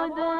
خدا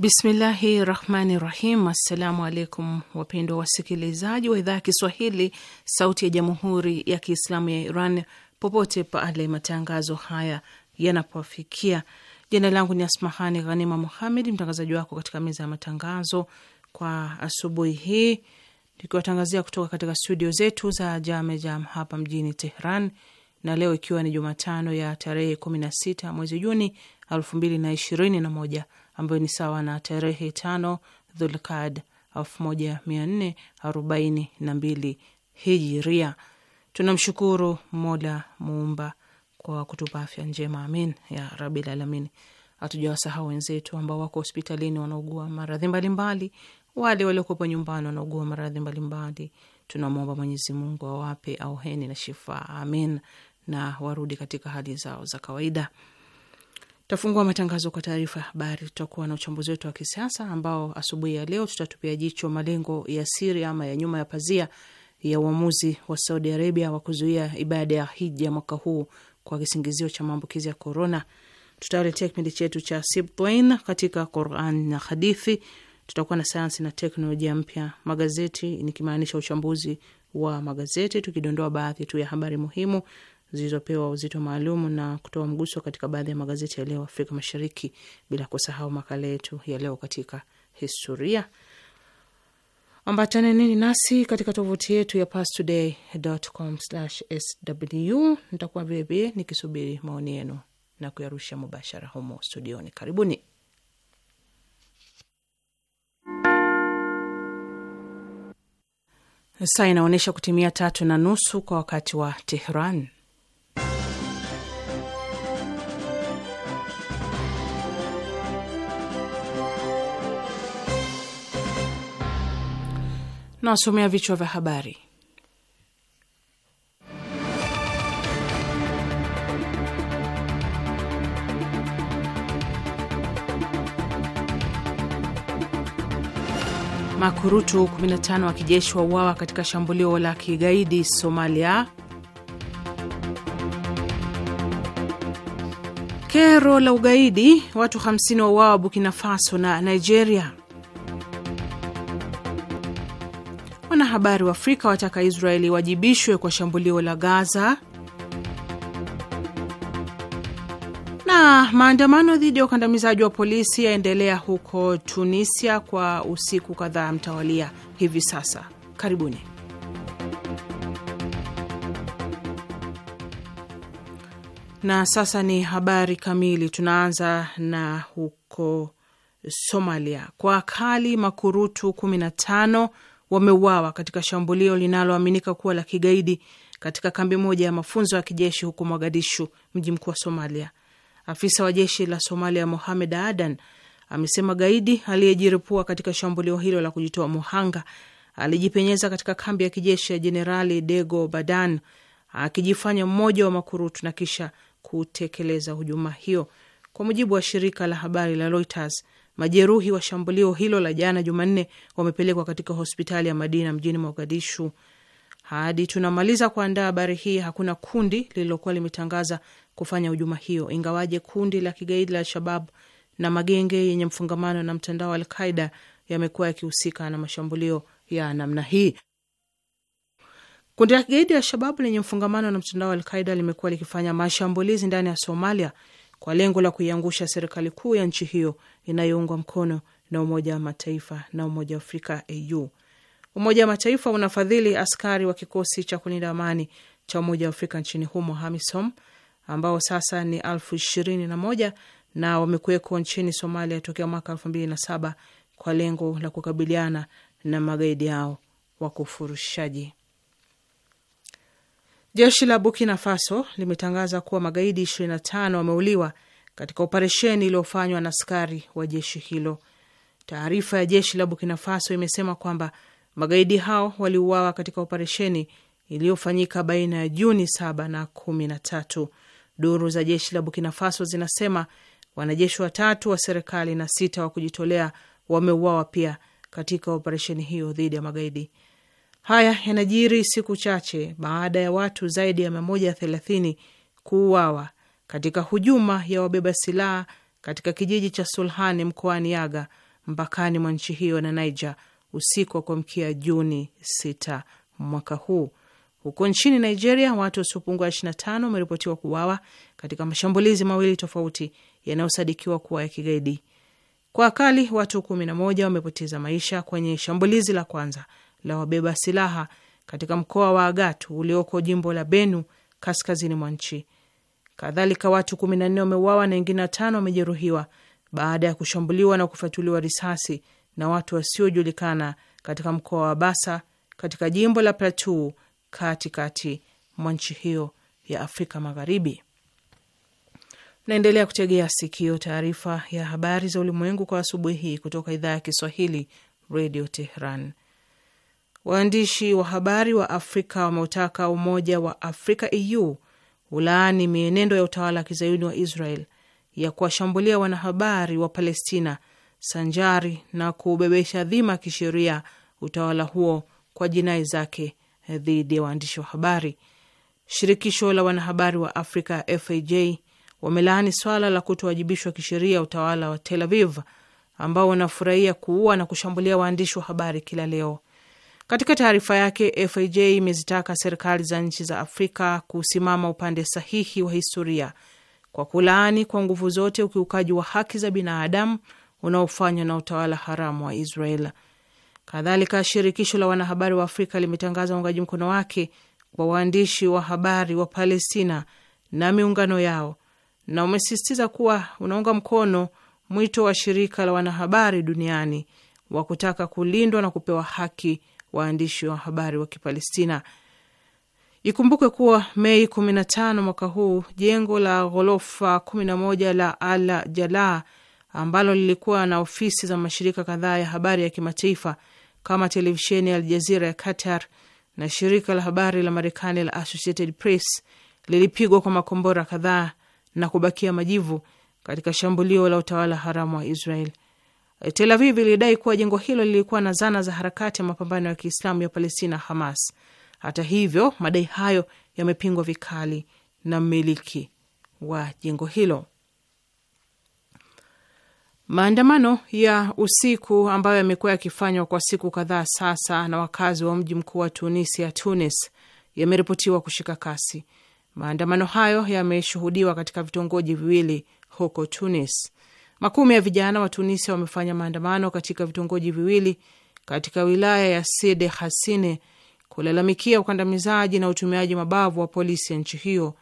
Bismillahi rahmani rahim. Assalamu alaikum wapendwa wasikilizaji wa idhaa ya Kiswahili sauti ya jamhuri ya Kiislamu ya Iran popote pale matangazo haya yanapofikia. Jina langu ni Asmahani Ghanima Muhamed, mtangazaji wako katika meza ya matangazo kwa asubuhi hii, tukiwatangazia kutoka katika studio zetu za jame Jam hapa mjini Tehran, na leo ikiwa ni Jumatano ya tarehe 16 mwezi Juni elfu mbili na ishirini na moja ambayo ni sawa na tarehe tano Dhulkad 1442 Hijiria. Tunamshukuru Mola Muumba kwa kutupa afya njema, amin ya rabil alamin. Hatujawasahau wenzetu ambao wako hospitalini wanaugua maradhi mbalimbali, wale waliokuwepo nyumbani wanaugua maradhi mbalimbali. Tunamwomba Mwenyezi Mungu awape auheni na shifaa, amin, na warudi katika hali zao za kawaida tafungua matangazo kwa taarifa ya habari. Tutakuwa na uchambuzi wetu wa kisiasa ambao asubuhi ya leo tutatupia jicho malengo ya siri ama ya nyuma ya pazia ya uamuzi wa Saudi Arabia wa kuzuia ibada ya hija mwaka huu kwa kisingizio cha maambukizi ya korona. Tutawaletea kipindi chetu cha Sibtain katika Quran na hadithi. Tutakuwa na sayansi na teknolojia mpya, magazeti, nikimaanisha uchambuzi wa magazeti tukidondoa baadhi tu ya habari muhimu zilizopewa uzito maalum na kutoa mguso katika baadhi ya magazeti ya leo Afrika Mashariki, bila kusahau makala yetu ya leo katika historia. Ambatane nini nasi katika tovuti yetu ya pastoday.com/sw. Nitakuwa vilevile nikisubiri maoni yenu na kuyarusha mubashara humo studioni. Karibuni. Saa inaonyesha kutimia tatu na nusu kwa wakati wa Tehran. Nawasomea vichwa vya habari. Makurutu 15 wa kijeshi wauawa katika shambulio la kigaidi Somalia. Kero la ugaidi, watu 50 uawa Burkina Faso na Nigeria. Wanahabari wa Afrika wataka Israeli iwajibishwe kwa shambulio la Gaza. Na maandamano dhidi ya ukandamizaji wa polisi yaendelea huko Tunisia kwa usiku kadhaa mtawalia hivi sasa. Karibuni. Na sasa ni habari kamili. Tunaanza na huko Somalia. Kwa kali makurutu 15 wameuawa katika shambulio linaloaminika kuwa la kigaidi katika kambi moja ya mafunzo ya kijeshi huko Mogadishu, mji mkuu wa Somalia. Afisa wa jeshi la Somalia Mohamed Adan amesema gaidi aliyejiripua katika shambulio hilo la kujitoa muhanga alijipenyeza katika kambi ya kijeshi ya Jenerali Dego Badan akijifanya mmoja wa makurutu na kisha kutekeleza hujuma hiyo. Kwa mujibu wa shirika la habari la Reuters, Majeruhi wa shambulio hilo la jana Jumanne wamepelekwa katika hospitali ya Madina mjini Mogadishu. Hadi tunamaliza kuandaa habari hii, hakuna kundi lililokuwa limetangaza kufanya hujuma hiyo, ingawaje kundi la kigaidi la Al-Shabab na magenge yenye mfungamano na mtandao wa Alqaida yamekuwa yakihusika na mashambulio ya namna hii. Kundi la kigaidi la Shababu lenye mfungamano na mtandao wa Alqaida limekuwa likifanya mashambulizi ndani ya Somalia kwa lengo la kuiangusha serikali kuu ya nchi hiyo inayoungwa mkono na Umoja wa Mataifa na Umoja wa Afrika au Umoja wa Mataifa unafadhili askari wa kikosi cha kulinda amani cha Umoja wa Afrika nchini humo Hamisom ambao sasa ni elfu ishirini na moja na wamekuweko nchini Somalia tokea mwaka elfu mbili na saba kwa lengo la kukabiliana na magaidi yao wa kufurushaji. Jeshi la Burkina Faso limetangaza kuwa magaidi 25 wameuliwa katika operesheni iliyofanywa na askari wa jeshi hilo. Taarifa ya jeshi la Burkina Faso imesema kwamba magaidi hao waliuawa katika operesheni iliyofanyika baina ya Juni 7 na 13. Duru za jeshi la Burkina Faso zinasema wanajeshi watatu wa serikali na sita wa kujitolea wameuawa pia katika operesheni hiyo dhidi ya magaidi. Haya yanajiri siku chache baada ya watu zaidi ya mia moja thelathini kuuawa katika hujuma ya wabeba silaha katika kijiji cha Sulhani mkoani Yaga mpakani mwa nchi hiyo na Niger usiku wa kuamkia Juni 6 mwaka huu. Huko nchini Nigeria, watu wasiopungua 25 wameripotiwa kuuawa katika mashambulizi mawili tofauti yanayosadikiwa kuwa ya kigaidi. Kwa akali watu 11 wamepoteza maisha kwenye shambulizi la kwanza la wabeba silaha katika mkoa wa Agatu ulioko jimbo la Benu kaskazini mwa nchi. Kadhalika, watu 14 wameuawa na wengine watano wamejeruhiwa baada ya kushambuliwa na kufatuliwa risasi na watu wasiojulikana katika mkoa wa Basa katika jimbo la Plateau katikati mwa nchi hiyo ya Afrika Magharibi. Naendelea kutegea sikio taarifa ya habari za ulimwengu kwa asubuhi hii kutoka idhaa ya Kiswahili, Radio Tehran. Waandishi wa habari wa Afrika wameutaka Umoja wa Afrika EU ulaani mienendo ya utawala wa kizayuni wa Israel ya kuwashambulia wanahabari wa Palestina sanjari na kuubebesha dhima kisheria utawala huo kwa jinai zake dhidi ya waandishi wa habari. Shirikisho la wanahabari wa Afrika FAJ wamelaani swala la kutowajibishwa kisheria utawala wa Tel Aviv ambao wanafurahia kuua na kushambulia waandishi wa habari kila leo. Katika taarifa yake, FIJ imezitaka serikali za nchi za Afrika kusimama upande sahihi wa historia kwa kulaani kwa nguvu zote ukiukaji wa haki za binadamu unaofanywa na utawala haramu wa Israel. Kadhalika, shirikisho la wanahabari wa Afrika limetangaza uungaji mkono wake kwa waandishi wa habari wa Palestina na miungano yao na umesisitiza kuwa unaunga mkono mwito wa shirika la wanahabari duniani wa kutaka kulindwa na kupewa haki waandishi wa habari wa Kipalestina. Ikumbukwe kuwa Mei 15 mwaka huu jengo la ghorofa 11 la Al Jalaa ambalo lilikuwa na ofisi za mashirika kadhaa ya habari ya kimataifa kama televisheni ya Aljazira ya Qatar na shirika la habari la Marekani la Associated Press lilipigwa kwa makombora kadhaa na kubakia majivu katika shambulio la utawala haramu wa Israel Tel Aviv ilidai kuwa jengo hilo lilikuwa na zana za harakati ya mapambano ya Kiislamu ya Palestina, Hamas. Hata hivyo, madai hayo yamepingwa vikali na mmiliki wa jengo hilo. Maandamano ya usiku ambayo yamekuwa yakifanywa kwa siku kadhaa sasa na wakazi wa mji mkuu wa Tunisia, Tunis, yameripotiwa kushika kasi. Maandamano hayo yameshuhudiwa katika vitongoji viwili huko Tunis. Makumi ya vijana wa Tunisia wamefanya maandamano katika vitongoji viwili katika wilaya ya sede Hasine kulalamikia ukandamizaji na utumiaji mabavu wa polisi ya nchi hiyo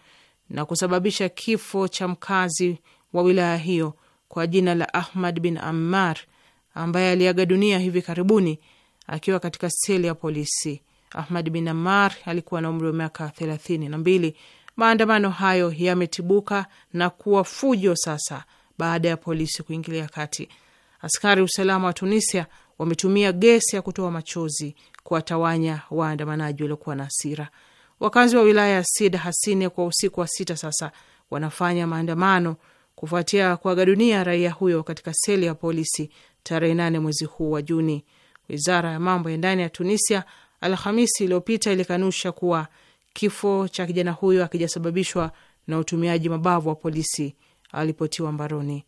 na kusababisha kifo cha mkazi wa wilaya hiyo kwa jina la Ahmad bin Ammar ambaye aliaga dunia hivi karibuni akiwa katika seli ya polisi. Ahmad bin Ammar alikuwa na umri wa miaka thelathini na mbili. Maandamano hayo yametibuka na kuwa fujo sasa baada ya polisi kuingilia kati. Askari usalama wa Tunisia wametumia gesi ya kutoa machozi kuwatawanya waandamanaji waliokuwa na hasira. Wakazi wa wilaya ya Sid Hasine kwa usiku wa sita sasa wanafanya maandamano kufuatia kuaga dunia raia huyo katika seli ya polisi tarehe nane mwezi huu wa Juni. Wizara ya mambo ya ndani ya Tunisia Alhamisi iliyopita ilikanusha kuwa kifo cha kijana huyo akijasababishwa na utumiaji mabavu wa polisi alipotiwa mbaroni.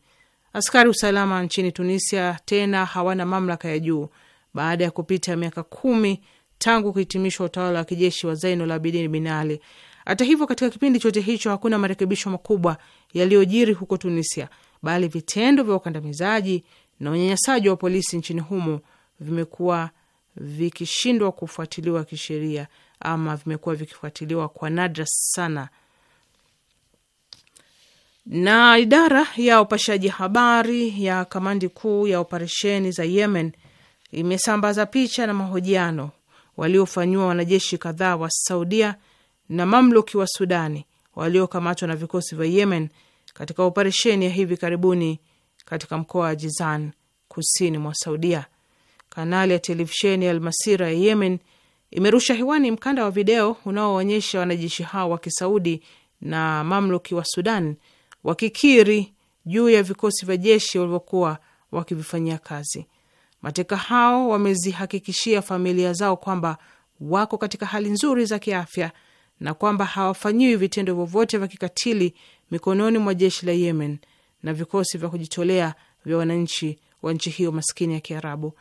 Askari usalama nchini Tunisia tena hawana mamlaka ya juu baada ya kupita miaka kumi tangu kuhitimishwa utawala wa kijeshi wa zaino la Abidin Bin Ali. Hata hivyo, katika kipindi chote hicho hakuna marekebisho makubwa yaliyojiri huko Tunisia, bali vitendo vya ukandamizaji na unyanyasaji wa polisi nchini humo vimekuwa vikishindwa kufuatiliwa kisheria ama vimekuwa vikifuatiliwa kwa nadra sana na idara ya upashaji habari ya kamandi kuu ya operesheni za Yemen imesambaza picha na mahojiano waliofanyiwa wanajeshi kadhaa wa Saudia na mamluki wa Sudani waliokamatwa na vikosi vya Yemen katika operesheni ya hivi karibuni katika mkoa wa Jizan kusini mwa Saudia. Kanali ya televisheni ya Almasira ya Yemen imerusha hewani mkanda wa video unaoonyesha wanajeshi hao wa kisaudi na mamluki wa Sudan wakikiri juu ya vikosi vya jeshi walivyokuwa wakivifanyia kazi. Mateka hao wamezihakikishia familia zao kwamba wako katika hali nzuri za kiafya na kwamba hawafanyiwi vitendo vyovyote vya kikatili mikononi mwa jeshi la Yemen na vikosi vya kujitolea vya wananchi wa nchi hiyo maskini ya Kiarabu.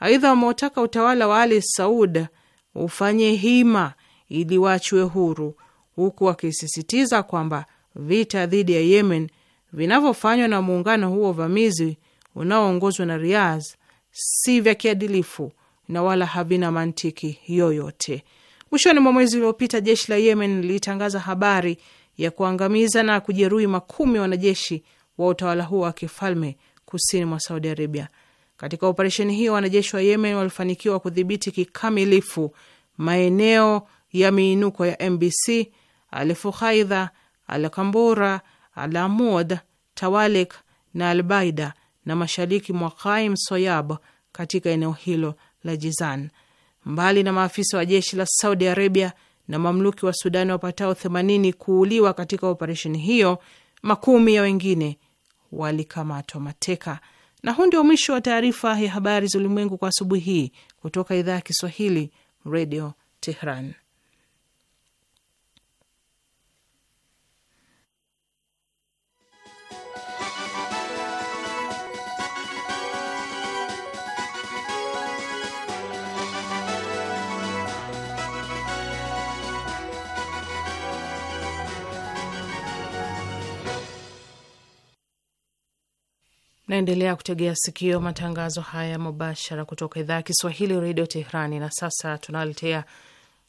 Aidha, wameutaka utawala wa Ali Saud ufanye hima ili waachiwe huru, huku wakisisitiza kwamba vita dhidi ya Yemen vinavyofanywa na muungano huo uvamizi unaoongozwa na Riaz si vya kiadilifu na wala havina mantiki yoyote. Mwishoni mwa mwezi uliopita, jeshi la Yemen lilitangaza habari ya kuangamiza na kujeruhi makumi ya wanajeshi wa utawala huo wa kifalme kusini mwa Saudi Arabia. Katika operesheni hiyo, wanajeshi wa Yemen walifanikiwa kudhibiti kikamilifu maeneo ya miinuko ya MBC, Alfuhaidha Alkambura, Alamud, Tawalik na Albaida na mashariki mwa Qaim Soyab katika eneo hilo la Jizan. Mbali na maafisa wa jeshi la Saudi Arabia na mamluki wa Sudani wapatao 80 kuuliwa katika operesheni hiyo, makumi ya wengine walikamatwa mateka. Na huu ndio mwisho wa taarifa ya habari za ulimwengu kwa asubuhi hii kutoka idhaa ya Kiswahili, Radio Tehran. Naendelea kutegea sikio matangazo haya mubashara kutoka idhaa ya Kiswahili redio Teherani. Na sasa tunaletea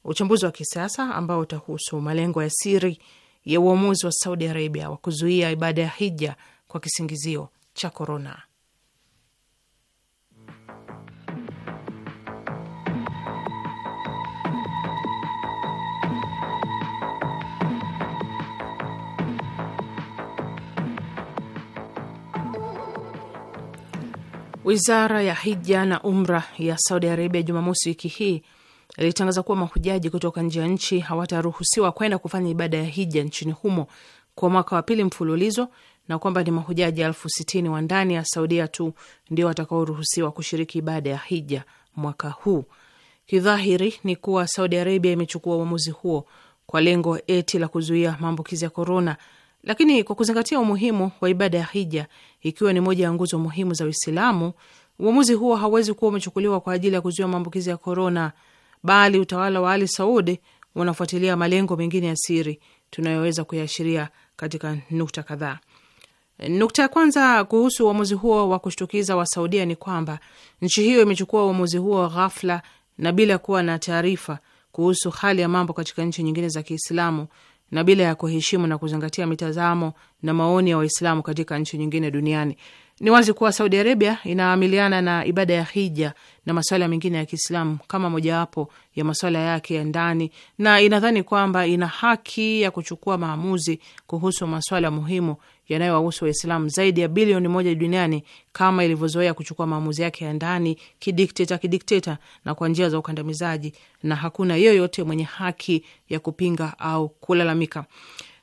uchambuzi wa kisiasa ambao utahusu malengo ya siri ya uamuzi wa Saudi Arabia wa kuzuia ibada ya hija kwa kisingizio cha korona. Wizara ya hija na umra ya Saudi Arabia Jumamosi wiki hii ilitangaza kuwa mahujaji kutoka nje ya nchi hawataruhusiwa kwenda kufanya ibada ya hija nchini humo kwa mwaka wa pili mfululizo na kwamba ni mahujaji elfu sitini wa ndani ya Saudia tu ndio watakaoruhusiwa kushiriki ibada ya hija mwaka huu. Kidhahiri ni kuwa Saudi Arabia imechukua uamuzi huo kwa lengo eti la kuzuia maambukizi ya korona lakini kwa kuzingatia umuhimu wa ibada ya hija ikiwa ni moja ya nguzo muhimu za Uislamu, uamuzi huo hauwezi kuwa umechukuliwa kwa ajili ya kuzuia maambukizi ya korona, bali utawala wa Ali Saudi unafuatilia malengo mengine ya siri tunayoweza kuyaashiria katika nukta kadhaa. Nukta ya kwanza kuhusu uamuzi huo wa kushtukiza wa Saudia ni kwamba nchi hiyo imechukua uamuzi huo ghafla na bila kuwa na taarifa kuhusu hali ya mambo katika nchi nyingine za Kiislamu na bila ya kuheshimu na kuzingatia mitazamo na maoni ya Waislamu katika nchi nyingine duniani. Ni wazi kuwa Saudi Arabia inaamiliana na ibada ya hija na masuala mengine ya Kiislamu kama mojawapo ya masuala yake ya ndani, na inadhani kwamba ina haki ya kuchukua maamuzi kuhusu masuala muhimu yanayowahusu Waislamu zaidi ya bilioni moja duniani kama ilivyozoea kuchukua maamuzi yake ya ndani kidikteta kidikteta na kwa njia za ukandamizaji, na hakuna yeyote mwenye haki ya kupinga au kulalamika.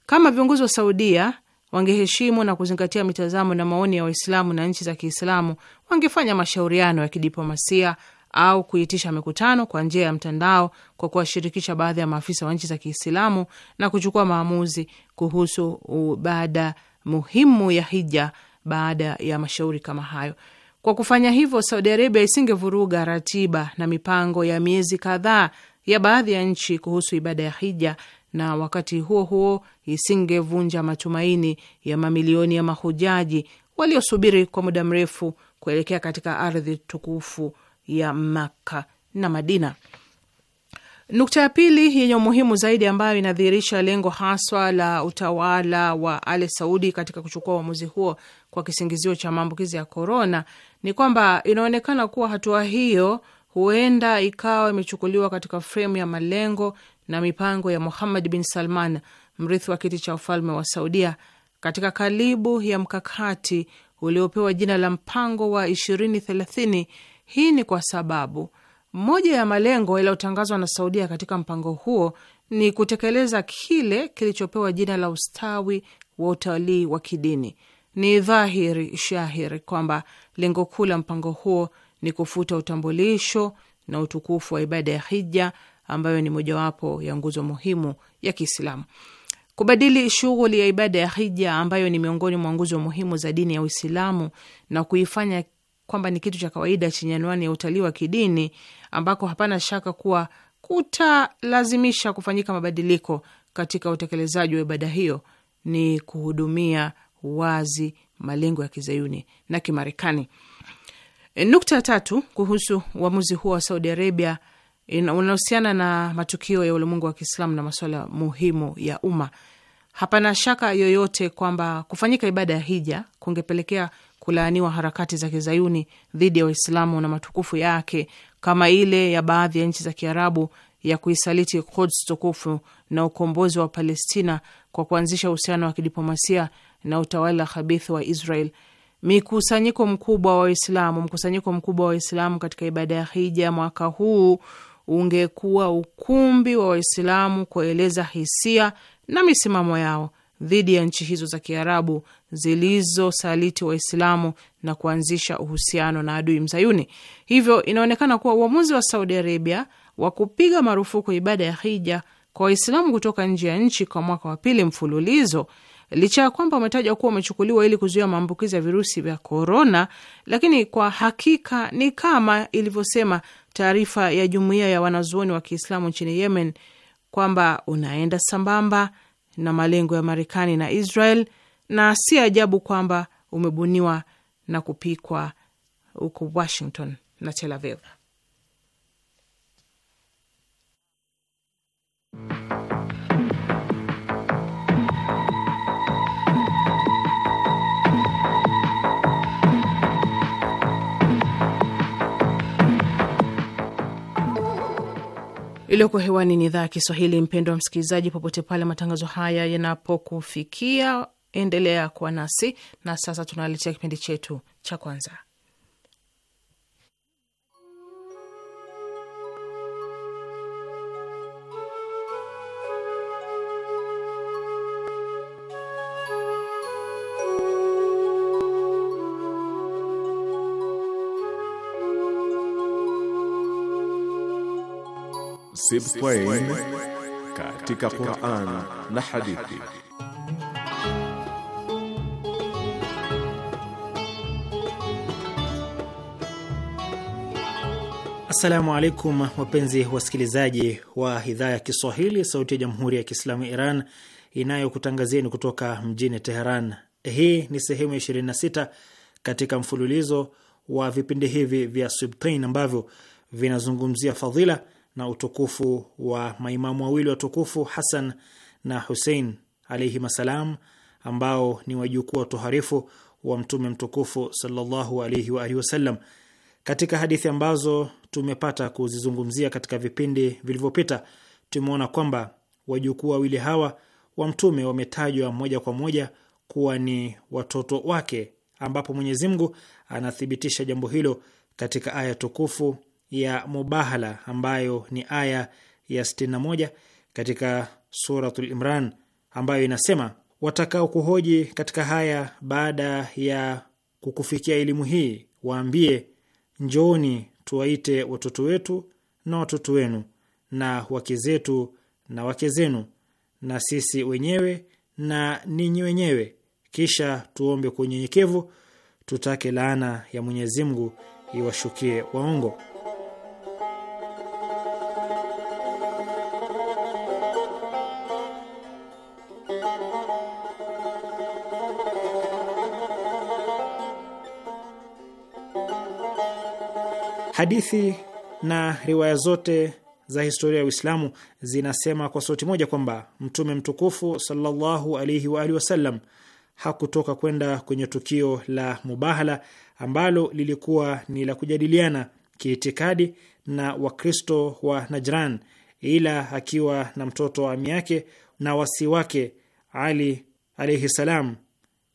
Kama viongozi wa Saudia wangeheshimu na kuzingatia mitazamo na maoni ya Waislamu na nchi za Kiislamu, wangefanya mashauriano ya kidiplomasia au kuitisha mikutano kwa njia ya mtandao kwa kuwashirikisha baadhi ya maafisa wa nchi za Kiislamu na kuchukua maamuzi kuhusu baada muhimu ya hija baada ya mashauri kama hayo. Kwa kufanya hivyo, Saudi Arabia isingevuruga ratiba na mipango ya miezi kadhaa ya baadhi ya nchi kuhusu ibada ya hija, na wakati huo huo isingevunja matumaini ya mamilioni ya mahujaji waliosubiri kwa muda mrefu kuelekea katika ardhi tukufu ya Makka na Madina. Nukta ya pili yenye umuhimu zaidi ambayo inadhihirisha lengo haswa la utawala wa Ali Saudi katika kuchukua uamuzi huo kwa kisingizio cha maambukizi ya korona ni kwamba inaonekana kuwa hatua hiyo huenda ikawa imechukuliwa katika fremu ya malengo na mipango ya Muhammad bin Salman, mrithi wa kiti cha ufalme wa Saudia, katika kalibu ya mkakati uliopewa jina la mpango wa thelathini. Hii ni kwa sababu moja ya malengo yaliyotangazwa na Saudia katika mpango huo ni kutekeleza kile kilichopewa jina la ustawi wa utalii wa kidini. Ni dhahiri shahiri kwamba lengo kuu la mpango huo ni kufuta utambulisho na utukufu wa ibada ya hija ambayo ni mojawapo ya nguzo muhimu ya Kiislamu. Kubadili shughuli ya ibada ya hija ambayo ni miongoni mwa nguzo muhimu za dini ya Uislamu na kuifanya kwamba ni kitu cha kawaida chenye anwani ya utalii wa kidini ambako hapana shaka kuwa kutalazimisha kufanyika mabadiliko katika utekelezaji wa ibada hiyo ni kuhudumia wazi malengo ya kizayuni na Kimarekani. E, nukta ya tatu kuhusu uamuzi huo wa Saudi Arabia e, unahusiana na matukio ya ulimwengu wa Kiislamu na masuala muhimu ya umma. Hapana shaka yoyote kwamba kufanyika ibada ya hija kungepelekea kulaaniwa harakati za kizayuni dhidi ya Waislamu na matukufu yake kama ile ya baadhi ya nchi za Kiarabu ya kuisaliti Quds tukufu na ukombozi wa Palestina kwa kuanzisha uhusiano wa kidiplomasia na utawala habithi wa Israel. Mikusanyiko mkubwa wa Waislamu, mkusanyiko mkubwa wa Waislamu katika ibada ya hija mwaka huu ungekuwa ukumbi wa Waislamu kueleza hisia na misimamo yao dhidi ya nchi hizo za Kiarabu zilizosaliti Waislamu na kuanzisha uhusiano na adui mzayuni. Hivyo inaonekana kuwa uamuzi wa Saudi Arabia wa kupiga marufuku ibada ya hija kwa Waislamu kutoka nje ya nchi kwa mwaka wa pili mfululizo licha ya kwamba umetaja kuwa umechukuliwa ili kuzuia maambukizi ya virusi vya korona, lakini kwa hakika ni kama ilivyosema taarifa ya jumuiya ya wanazuoni wa Kiislamu nchini Yemen kwamba unaenda sambamba na malengo ya Marekani na Israel, na si ajabu kwamba umebuniwa na kupikwa huko Washington na Tel Aviv. iliyoko hewani ni idhaa ya Kiswahili. Mpendo wa msikilizaji, popote pale matangazo haya yanapokufikia, endelea kuwa nasi. Na sasa tunaletea kipindi chetu cha kwanza Sibtain katika Qur'an na hadithi. Assalamu alaikum wapenzi wasikilizaji wa idhaa ya Kiswahili sauti ya Jamhuri ya Kiislamu Iran inayokutangazieni kutoka mjini Teheran. Hii ni sehemu ya 26 katika mfululizo wa vipindi hivi vya Sibtain ambavyo vinazungumzia fadhila na utukufu wa maimamu wawili watukufu Hasan na Husein alaihim assalam, ambao ni wajukuu watoharifu wa Mtume mtukufu sallallahu alaihi wa alihi wasallam. Katika hadithi ambazo tumepata kuzizungumzia katika vipindi vilivyopita, tumeona kwamba wajukuu wawili hawa wa Mtume wametajwa moja kwa moja kuwa ni watoto wake, ambapo Mwenyezi Mungu anathibitisha jambo hilo katika aya tukufu ya mubahala ambayo ni aya ya 61 katika Suratul Imran ambayo inasema, watakao kuhoji katika haya baada ya kukufikia elimu hii, waambie njooni tuwaite watoto wetu na watoto wenu na wake zetu na wake zenu na sisi wenyewe na ninyi wenyewe, kisha tuombe kwa unyenyekevu, tutake laana ya Mwenyezi Mungu iwashukie waongo. Hadithi na riwaya zote za historia ya Uislamu zinasema kwa sauti moja kwamba Mtume mtukufu sallallahu alaihi wa alihi wasallam hakutoka kwenda kwenye tukio la Mubahala ambalo lilikuwa ni la kujadiliana kiitikadi na Wakristo wa Najran, ila akiwa na mtoto wa ami yake na wasi wake Ali alaihi salam,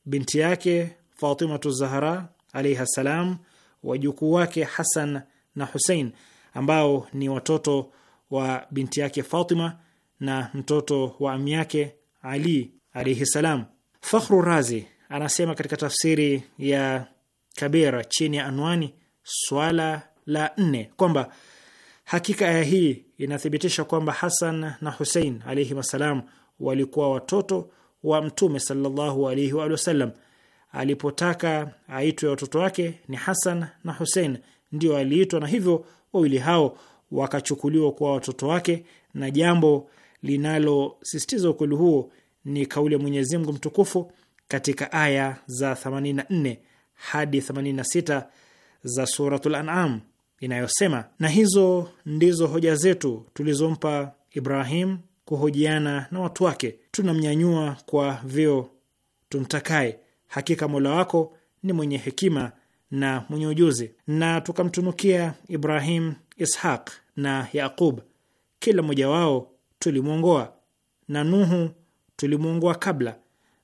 binti yake Fatimatu Zahra alaihi salam wajukuu wake Hasan na Husein ambao ni watoto wa binti yake Fatima na mtoto wa ami yake Ali alaihi salam. Fakhru Razi anasema katika tafsiri ya Kabira chini ya anwani swala la nne kwamba hakika aya hii inathibitisha kwamba Hasan na Husein alaihim assalam walikuwa watoto wa Mtume sallallahu alaihi wa sallam alipotaka aitwe watoto wake ni Hasan na Husein ndio aliitwa, na hivyo wawili hao wakachukuliwa kuwa watoto wake. Na jambo linalosisitiza ukweli huo ni kauli ya Mwenyezi Mungu mtukufu katika aya za 84 hadi 86 za Suratul An'am inayosema, na hizo ndizo hoja zetu tulizompa Ibrahim kuhojiana na watu wake, tunamnyanyua kwa vyo tumtakaye Hakika Mola wako ni mwenye hekima na mwenye ujuzi. Na tukamtunukia Ibrahim, Ishaq na Yaqub, kila mmoja wao tulimwongoa, na Nuhu tulimwongoa kabla,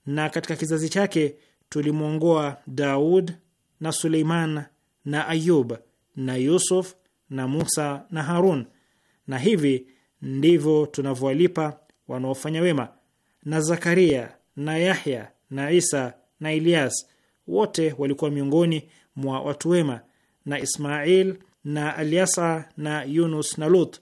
na katika kizazi chake tulimwongoa Daud na Suleiman na Ayub na Yusuf na Musa na Harun. Na hivi ndivyo tunavyowalipa wanaofanya wema, na Zakaria na Yahya na Isa na Ilyas wote walikuwa miongoni mwa watu wema, na Ismail na Alyasa na Yunus na Lut,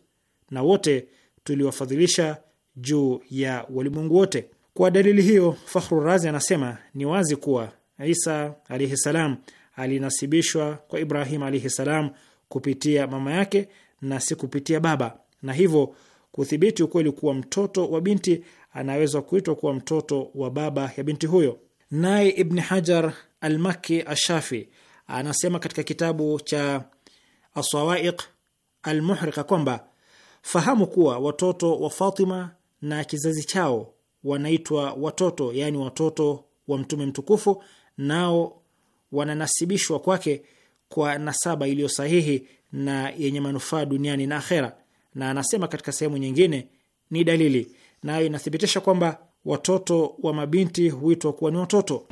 na wote tuliwafadhilisha juu ya walimwengu wote. Kwa dalili hiyo, Fakhru Razi anasema ni wazi kuwa Isa alaihi salam alinasibishwa kwa Ibrahim alaihi salam kupitia mama yake na si kupitia baba, na hivyo kuthibiti ukweli kuwa mtoto wa binti anaweza kuitwa kuwa mtoto wa baba ya binti huyo. Naye Ibni Hajar Almakki Ashafi anasema katika kitabu cha Asawaiq Almuhriqa kwamba fahamu kuwa watoto wa Fatima na kizazi chao wanaitwa watoto, yaani watoto wa Mtume mtukufu, nao wananasibishwa kwake kwa nasaba iliyo sahihi na yenye manufaa duniani na akhera. Na anasema katika sehemu nyingine, ni dalili nayo inathibitisha kwamba watoto wa mabinti huitwa kuwa ni watoto.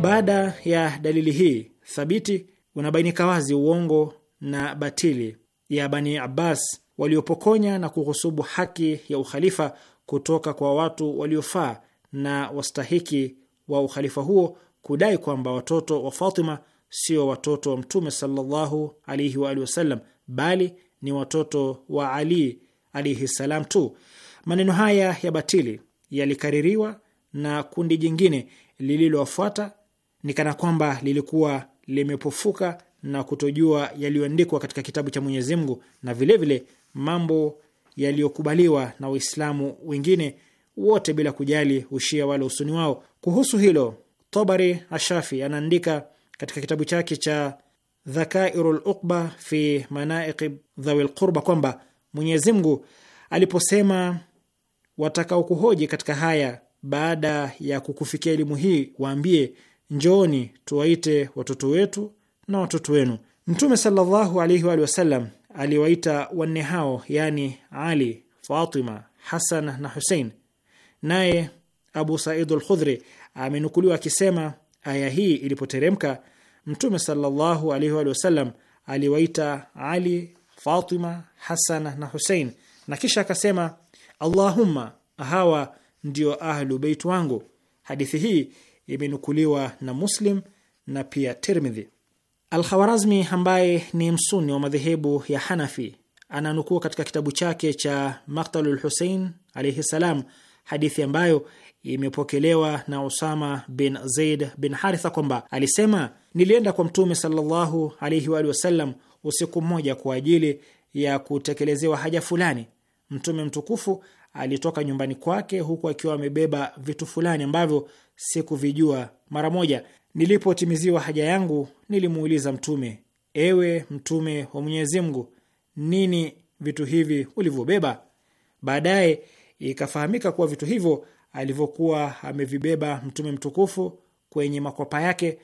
Baada ya dalili hii thabiti, unabainika wazi uongo na batili ya Bani Abbas waliopokonya na kuhusubu haki ya ukhalifa kutoka kwa watu waliofaa na wastahiki wa ukhalifa huo kudai kwamba watoto wa Fatima sio watoto wa Mtume sallallahu alaihi wa alihi wasallam, bali ni watoto wa Ali alaihi salam tu. Maneno haya ya batili yalikaririwa na kundi jingine lililowafuata, ni kana kwamba lilikuwa limepofuka na kutojua yaliyoandikwa katika kitabu cha Mwenyezi Mungu na vilevile vile mambo yaliyokubaliwa na Waislamu wengine wote bila kujali ushia wala usuni wao. Kuhusu hilo, Tabari Ashafi anaandika katika kitabu chake cha Dhakairu luqba fi manaiqi dhawi lqurba kwamba Mwenyezi Mungu aliposema watakaokuhoji katika haya baada ya kukufikia elimu hii, waambie njooni tuwaite watoto wetu na watoto wenu. Mtume sallallahu alaihi wa aliwaita wanne hao, yaani Ali, Fatima, Hasan na Husein. Naye Abu Said al-Khudri amenukuliwa akisema aya hii ilipoteremka, Mtume sallallahu alaihi wa sallam aliwaita Ali, Fatima, Hasan na Husein, na kisha akasema, Allahumma, hawa ndio ahlu beit wangu. Hadithi hii imenukuliwa na Muslim na pia Tirmidhi. Alkhawarazmi ambaye ni msuni wa madhehebu ya Hanafi ananukuu katika kitabu chake cha Maktalul Husein alaihi ssalam hadithi ambayo imepokelewa na Usama bin Zaid bin Haritha kwamba alisema, nilienda kwa Mtume sallallahu alaihi waalihi wasallam usiku mmoja kwa ajili ya kutekelezewa haja fulani. Mtume mtukufu alitoka nyumbani kwake huku akiwa amebeba vitu fulani ambavyo sikuvijua mara moja Nilipotimiziwa haja yangu, nilimuuliza Mtume, ewe Mtume wa Mwenyezi Mungu, nini vitu hivi ulivyobeba? Baadaye ikafahamika kuwa vitu hivyo alivyokuwa amevibeba Mtume mtukufu kwenye makwapa yake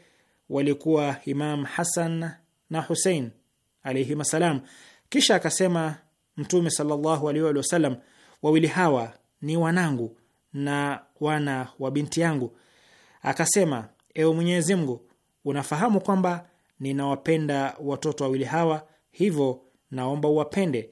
walikuwa Imam Hasan na Husein alaihim assalam. Kisha akasema Mtume sallallahu alaihi wawili hawa ni wanangu na wana wa binti yangu. Akasema Ewe Mwenyezi Mungu, unafahamu kwamba ninawapenda watoto wawili hawa, hivyo naomba uwapende,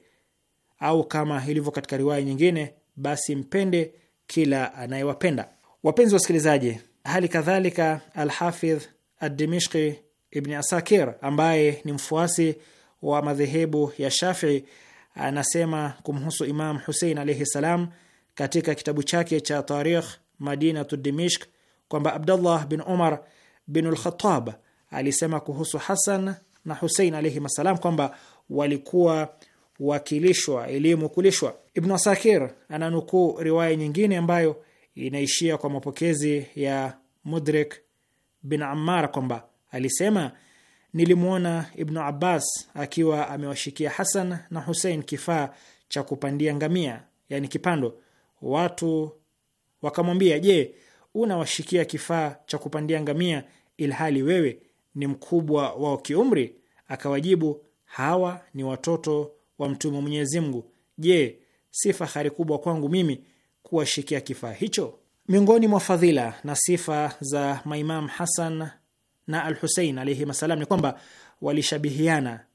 au kama ilivyo katika riwaya nyingine, basi mpende kila anayewapenda. Wapenzi wasikilizaji, hali kadhalika Alhafidh Adimishki Ibni Asakir ambaye ni mfuasi wa madhehebu ya Shafii anasema kumhusu Imam Husein alaihi salam katika kitabu chake cha Tarikh Madinatu Dimishk kwamba Abdullah bin Umar bin Lkhatab alisema kuhusu Hasan na Husein alaihim assalam kwamba walikuwa wakilishwa elimu kulishwa. Ibnu Asakir ananukuu riwaya nyingine ambayo inaishia kwa mapokezi ya Mudrik bin Ammar kwamba alisema nilimwona Ibnu Abbas akiwa amewashikia Hasan na Husein kifaa cha kupandia ngamia, yani kipando. Watu wakamwambia, je, unawashikia kifaa cha kupandia ngamia ilhali wewe ni mkubwa wao kiumri? Akawajibu, hawa ni watoto wa mtume wa Mwenyezi Mungu. Je, si fahari kubwa kwangu mimi kuwashikia kifaa hicho? Miongoni mwa fadhila na sifa za maimam Hasan na al Husein alaihim assalam ni kwamba walishabihiana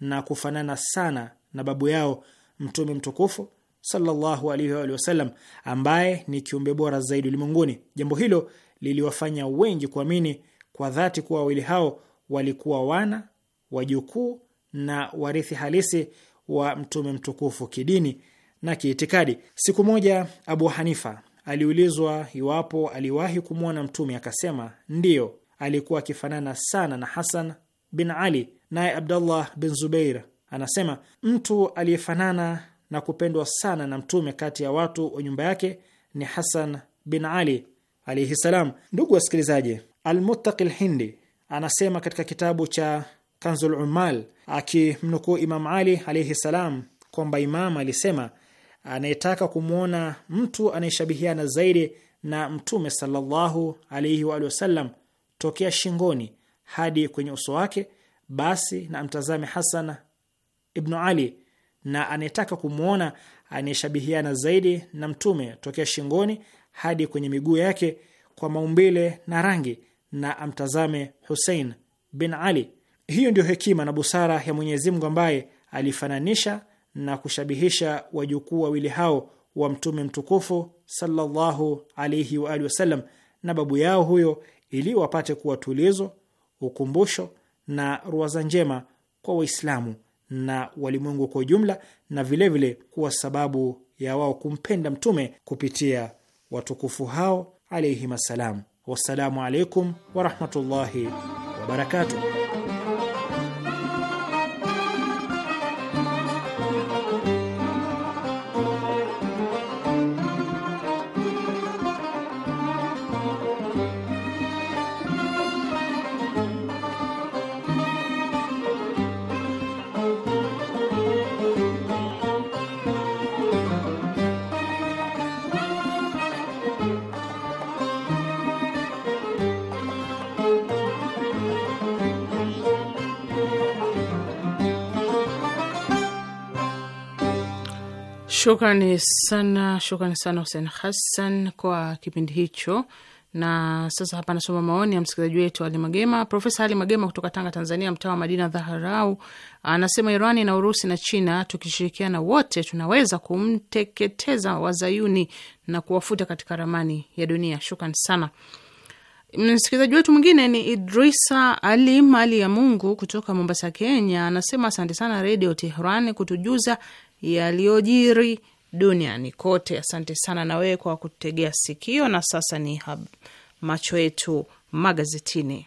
na kufanana sana na babu yao mtume mtukufu sallallahu alaihi wa alihi ambaye ni kiumbe bora zaidi ulimwenguni. Jambo hilo liliwafanya wengi kuamini kwa dhati kuwa wawili hao walikuwa wana wajukuu na warithi halisi wa mtume mtukufu kidini na kiitikadi. Siku moja Abu Hanifa aliulizwa iwapo aliwahi kumwona mtume, akasema ndiyo, alikuwa akifanana sana na Hasan bin Ali. Naye Abdullah bin Zubeir anasema mtu aliyefanana na kupendwa sana na Mtume kati ya watu wa nyumba yake ni Hasan bin Ali alaihi salam. Ndugu wasikilizaji, Almuttaqi Lhindi anasema katika kitabu cha Kanzul Ummal akimnukuu Imam Ali alaihi salam kwamba Imam alisema, anayetaka kumwona mtu anayeshabihiana zaidi na Mtume sallallahu alaihi waalihi wasallam tokea shingoni hadi kwenye uso wake, basi na amtazame Hasan ibnu Ali na anayetaka kumwona anayeshabihiana zaidi na Mtume tokea shingoni hadi kwenye miguu yake kwa maumbile na rangi, na amtazame Husein bin Ali. Hiyo ndiyo hekima na busara ya Mwenyezi Mungu ambaye alifananisha na kushabihisha wajukuu wawili hao wa Mtume mtukufu sallallahu alaihi wa alihi wasallam na babu yao huyo, ili wapate kuwa tulizo, ukumbusho na ruwaza njema kwa Waislamu na walimwengu kwa ujumla, na vilevile vile kuwa sababu ya wao kumpenda mtume kupitia watukufu hao alaihim assalam. Wassalamu alaikum warahmatullahi wabarakatuh. Shukrani sana, shukrani sana Hussein Hassan kwa kipindi hicho. Na sasa hapa nasoma maoni ya msikilizaji wetu Ali Magema. Profesa Ali Magema kutoka Tanga, Tanzania, mtaa wa Madina Dhaharau, anasema Irani na Urusi na China tukishirikiana wote tunaweza kumteketeza wazayuni na kuwafuta katika ramani ya dunia. Shukran sana. Msikilizaji wetu mwingine ni Idrisa Ali Mali ya Mungu kutoka Mombasa, Kenya, anasema asante sana Redio Tehran kutujuza yaliyojiri duniani kote. Asante sana na wewe kwa kutegea sikio, na sasa ni hab, macho yetu magazetini.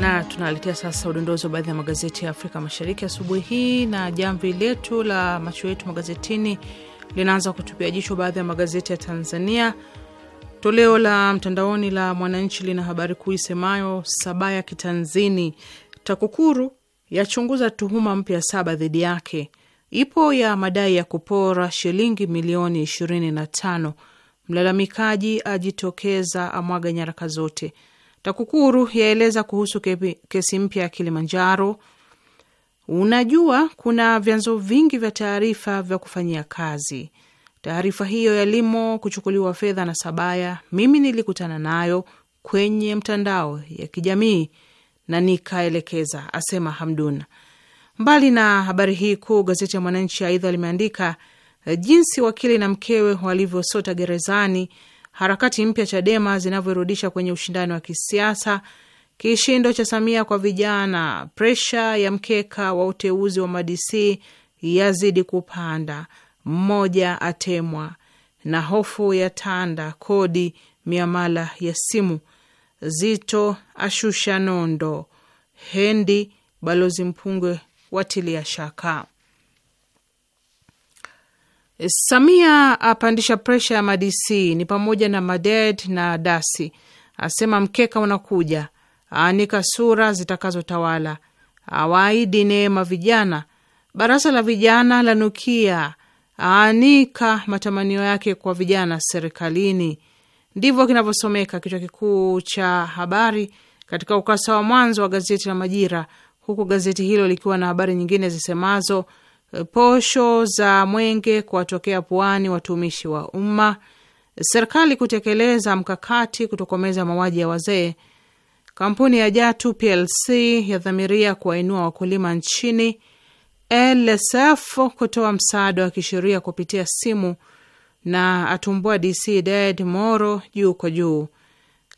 na tunaletea sasa udondozi wa baadhi ya magazeti ya Afrika Mashariki asubuhi hii, na jamvi letu la macho yetu magazetini linaanza kutupia jicho baadhi ya magazeti ya Tanzania. Toleo la mtandaoni la Mwananchi lina habari kuu isemayo Sabaya kitanzini, TAKUKURU yachunguza tuhuma mpya saba dhidi yake, ipo ya madai ya kupora shilingi milioni tano, mlalamikaji ajitokeza amwaga nyaraka zote TAKUKURU yaeleza kuhusu kesi mpya ya Kilimanjaro. Unajua, kuna vyanzo vingi vya taarifa vya kufanyia kazi. Taarifa hiyo ya limo kuchukuliwa fedha na Sabaya, mimi nilikutana nayo kwenye mtandao ya kijamii na nikaelekeza, asema Hamdun. Mbali na habari hii kuu, gazeti ya Mwananchi aidha limeandika jinsi wakili na mkewe walivyosota gerezani harakati mpya Chadema zinavyorudisha kwenye ushindani wa kisiasa, kishindo cha Samia kwa vijana, presha ya mkeka wa uteuzi wa madisi yazidi kupanda, mmoja atemwa, na hofu ya tanda kodi miamala ya simu, Zito ashusha nondo, Hendi balozi Mpungwe watilia shaka Eh, Samia apandisha presha ya madc ni pamoja na maded na dasi, asema mkeka unakuja, aanika sura zitakazotawala, awaidi neema vijana. Baraza la vijana lanukia, aanika matamanio yake kwa vijana serikalini. Ndivyo kinavyosomeka kichwa kikuu cha habari katika ukurasa wa mwanzo wa gazeti la Majira, huku gazeti hilo likiwa na habari nyingine zisemazo posho za mwenge kuwatokea puani watumishi wa umma, serikali kutekeleza mkakati kutokomeza mauaji ya wazee, kampuni ya Jatu PLC yadhamiria kuwainua wakulima nchini, LSF kutoa msaada wa kisheria kupitia simu, na atumbua DC Dad Moro juu kwa juu.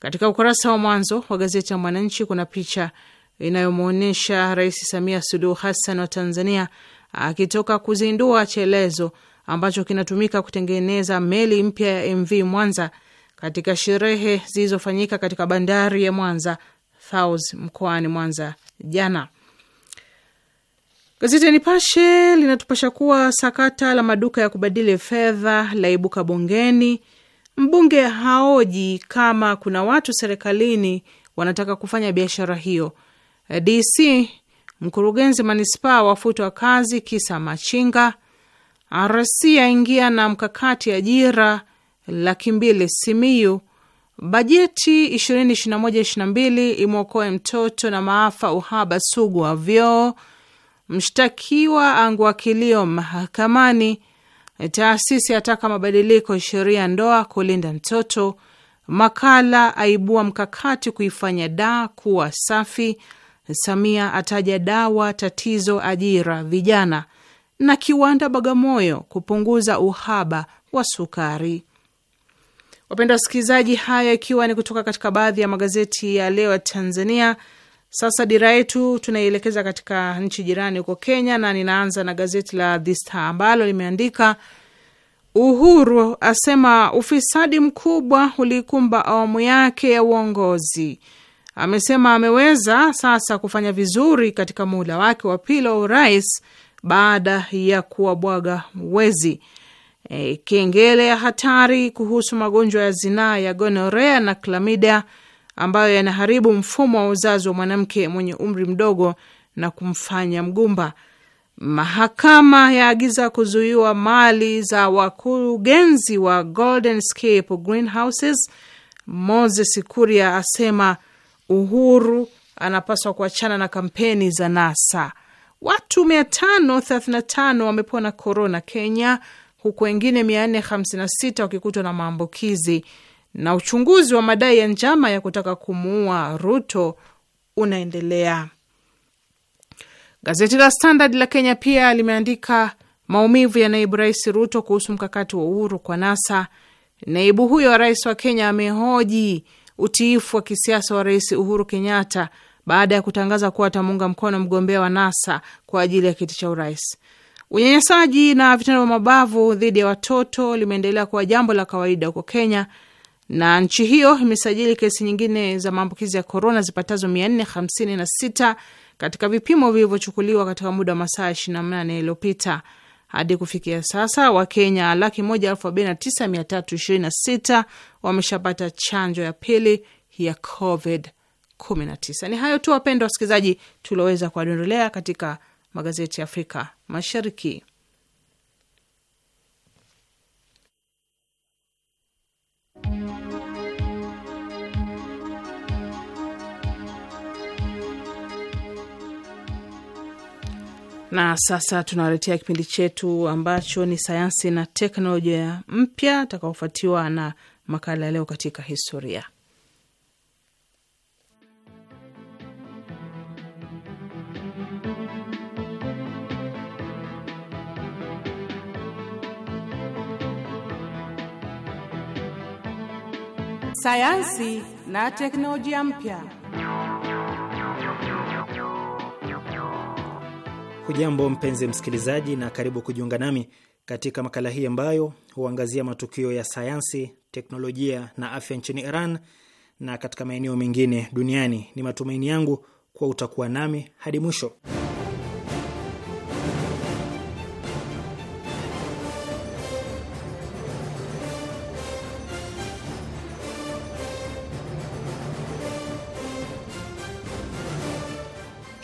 Katika ukurasa wa mwanzo wa gazeti la Mwananchi kuna picha inayomwonyesha Rais Samia Suluhu Hassan wa Tanzania akitoka kuzindua chelezo ambacho kinatumika kutengeneza meli mpya ya MV Mwanza katika sherehe zilizofanyika katika bandari ya Mwanza South mkoani Mwanza jana. Gazeti ya Nipashe linatupasha kuwa sakata la maduka ya kubadili fedha laibuka bungeni. Mbunge haoji kama kuna watu serikalini wanataka kufanya biashara hiyo. DC Mkurugenzi manispaa wafutwa kazi kisa machinga. RC yaingia na mkakati ajira laki mbili Simiyu. Bajeti 2021/22 imwokoe mtoto na maafa uhaba sugu wa vyoo. Mshtakiwa angua kilio mahakamani. Taasisi yataka mabadiliko sheria ndoa kulinda mtoto. Makala aibua mkakati kuifanya daa kuwa safi. Samia ataja dawa tatizo ajira vijana, na kiwanda Bagamoyo kupunguza uhaba wa sukari. Wapenda wasikilizaji, haya ikiwa ni kutoka katika baadhi ya magazeti ya leo ya Tanzania. Sasa dira yetu tunaielekeza katika nchi jirani huko Kenya, na ninaanza na gazeti la The Star ambalo limeandika Uhuru asema ufisadi mkubwa ulikumba awamu yake ya uongozi amesema ameweza sasa kufanya vizuri katika muhula wake wa pili wa urais baada ya kuwabwaga wezi. E, kengele ya hatari kuhusu magonjwa ya zinaa ya gonorea na klamidia ambayo yanaharibu mfumo wa uzazi wa mwanamke mwenye umri mdogo na kumfanya mgumba. Mahakama yaagiza kuzuiwa mali za wakurugenzi wa Golden Scape Greenhouses. Moses Kuria asema Uhuru anapaswa kuachana na kampeni za NASA. Watu 535 wamepona korona Kenya, huku wengine 456 wakikutwa na maambukizi, na uchunguzi wa madai ya njama ya kutaka kumuua Ruto unaendelea. Gazeti la Standard la Kenya pia limeandika maumivu ya naibu rais Ruto kuhusu mkakati wa Uhuru kwa NASA. Naibu huyo wa rais wa Kenya amehoji utiifu wa kisiasa wa Rais Uhuru Kenyatta baada ya kutangaza kuwa atamuunga mkono mgombea wa NASA kwa ajili ya kiti cha urais. Unyanyasaji na vitendo vya mabavu dhidi ya watoto limeendelea kuwa jambo la kawaida huko Kenya, na nchi hiyo imesajili kesi nyingine za maambukizi ya korona zipatazo 456 katika vipimo vilivyochukuliwa katika muda wa masaa 28 yaliyopita. Hadi kufikia sasa Wakenya laki moja elfu arobaini na tisa mia tatu ishirini na sita wameshapata chanjo ya pili ya Covid 19. Ni hayo tu wapendwa wasikilizaji, tulioweza kuwadondolea katika magazeti ya Afrika Mashariki. Na sasa tunawaletea kipindi chetu ambacho ni sayansi na teknolojia mpya, atakaofuatiwa na makala ya leo katika historia. Sayansi na teknolojia mpya. Hujambo mpenzi msikilizaji, na karibu kujiunga nami katika makala hii ambayo huangazia matukio ya sayansi, teknolojia na afya nchini Iran na katika maeneo mengine duniani. Ni matumaini yangu kuwa utakuwa nami hadi mwisho.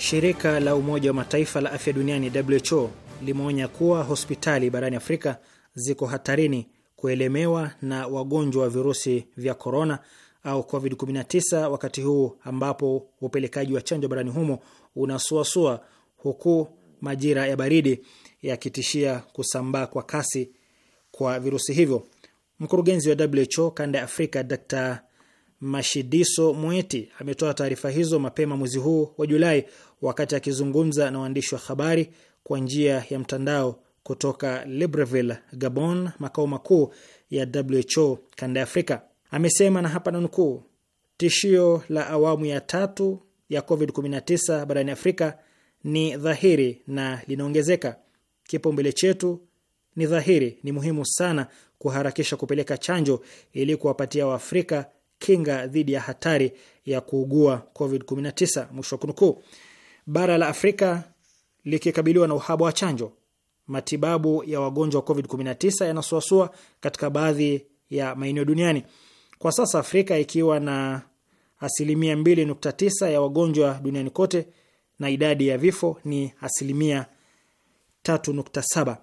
Shirika la Umoja wa Mataifa la Afya Duniani, WHO, limeonya kuwa hospitali barani Afrika ziko hatarini kuelemewa na wagonjwa wa virusi vya korona au COVID-19 wakati huu ambapo upelekaji wa chanjo barani humo unasuasua huku majira ya baridi yakitishia kusambaa kwa kasi kwa virusi hivyo. Mkurugenzi wa WHO kanda ya Afrika, Dr Mashidiso Mweti ametoa taarifa hizo mapema mwezi huu wa Julai wakati akizungumza na waandishi wa habari kwa njia ya mtandao kutoka Libreville, Gabon, makao makuu ya WHO kanda ya Afrika. Amesema na hapa nanukuu, tishio la awamu ya tatu ya COVID-19 barani Afrika ni dhahiri na linaongezeka. Kipaumbele chetu ni dhahiri, ni muhimu sana kuharakisha kupeleka chanjo ili kuwapatia Waafrika kinga dhidi ya hatari ya kuugua COVID-19, mwisho wa kunukuu. Bara la Afrika likikabiliwa na uhaba wa chanjo, matibabu ya wagonjwa wa COVID-19 yanasuasua katika baadhi ya maeneo duniani. Kwa sasa Afrika ikiwa na asilimia 2.9 ya wagonjwa duniani kote na idadi ya vifo ni asilimia 3.7.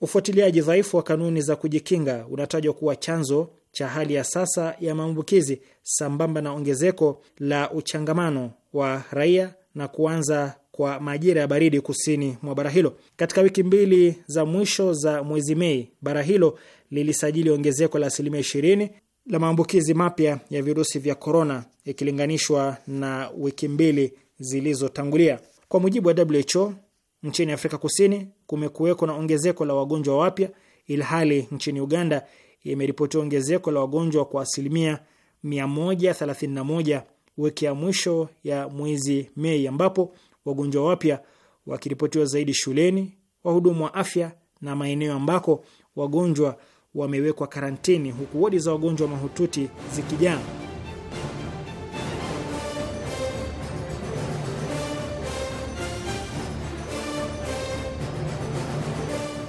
Ufuatiliaji dhaifu wa kanuni za kujikinga unatajwa kuwa chanzo cha hali ya sasa ya maambukizi sambamba na ongezeko la uchangamano wa raia na kuanza kwa majira ya baridi kusini mwa bara hilo. Katika wiki mbili za mwisho za mwezi Mei, bara hilo lilisajili ongezeko la asilimia ishirini la maambukizi mapya ya virusi vya korona ikilinganishwa na wiki mbili zilizotangulia. Kwa mujibu wa WHO, nchini Afrika Kusini kumekuweko na ongezeko la wagonjwa wapya, ilhali nchini Uganda imeripoti ongezeko la wagonjwa kwa asilimia 131 wiki ya mwisho ya mwezi Mei, ambapo wagonjwa wapya wakiripotiwa zaidi shuleni, wahudumu wa afya na maeneo ambako wagonjwa wamewekwa karantini, huku wodi za wagonjwa mahututi zikijaa.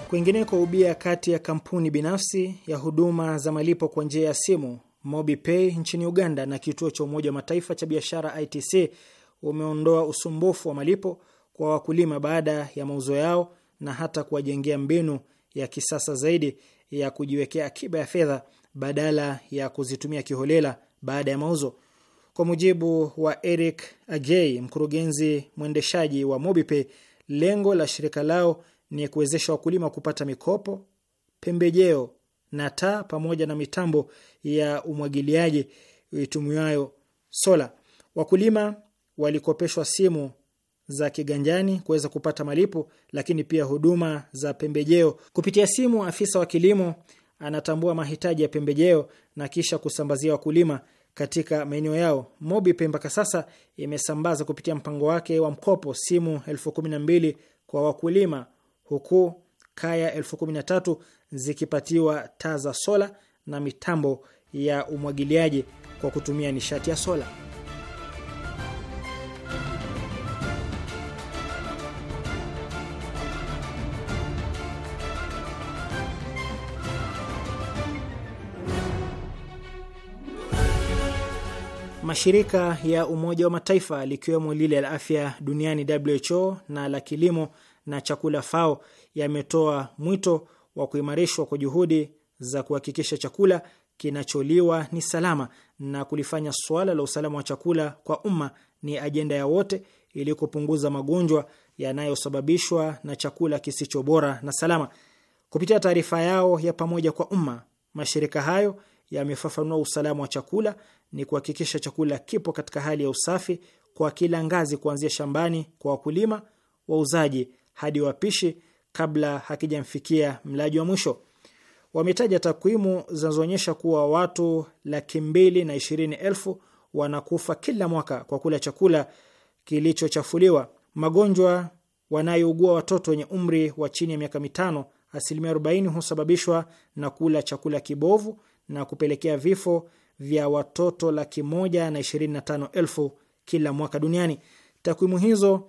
Kwingineko, ubia kati ya kampuni binafsi ya huduma za malipo kwa njia ya simu MobiPay nchini Uganda na kituo cha Umoja wa Mataifa cha biashara ITC umeondoa usumbufu wa malipo kwa wakulima baada ya mauzo yao na hata kuwajengea mbinu ya kisasa zaidi ya kujiwekea akiba ya fedha badala ya kuzitumia kiholela baada ya mauzo. Kwa mujibu wa Eric Agey, mkurugenzi mwendeshaji wa MobiPay, lengo la shirika lao ni kuwezesha wakulima kupata mikopo, pembejeo na taa pamoja na mitambo ya umwagiliaji itumiwayo sola. Wakulima walikopeshwa simu za kiganjani kuweza kupata malipo, lakini pia huduma za pembejeo kupitia simu. Afisa wa kilimo anatambua mahitaji ya pembejeo na kisha kusambazia wakulima katika maeneo yao. Mobi Pemba kwa sasa imesambaza kupitia mpango wake wa mkopo simu elfu kumi na mbili kwa wakulima huku kaya elfu kumi na tatu zikipatiwa taa za sola na mitambo ya umwagiliaji kwa kutumia nishati ya sola. Mashirika ya Umoja wa Mataifa likiwemo lile la afya duniani WHO na la kilimo na chakula FAO yametoa mwito wa kuimarishwa kwa juhudi za kuhakikisha chakula kinacholiwa ni salama na kulifanya suala la usalama wa chakula kwa umma ni ajenda ya wote ili kupunguza magonjwa yanayosababishwa na chakula kisicho bora na salama. Kupitia taarifa yao ya pamoja kwa umma, mashirika hayo yamefafanua usalama wa chakula ni kuhakikisha chakula kipo katika hali ya usafi kwa kila ngazi, kuanzia shambani kwa wakulima, wauzaji hadi wapishi kabla hakijamfikia mlaji wa mwisho. Wametaja takwimu zinazoonyesha kuwa watu laki mbili na ishirini elfu wanakufa kila mwaka kwa kula chakula kilichochafuliwa. Magonjwa wanayougua watoto wenye umri wa chini ya miaka mitano, asilimia 40 husababishwa na kula chakula kibovu na kupelekea vifo vya watoto laki moja na ishirini na tano elfu kila mwaka duniani. Takwimu hizo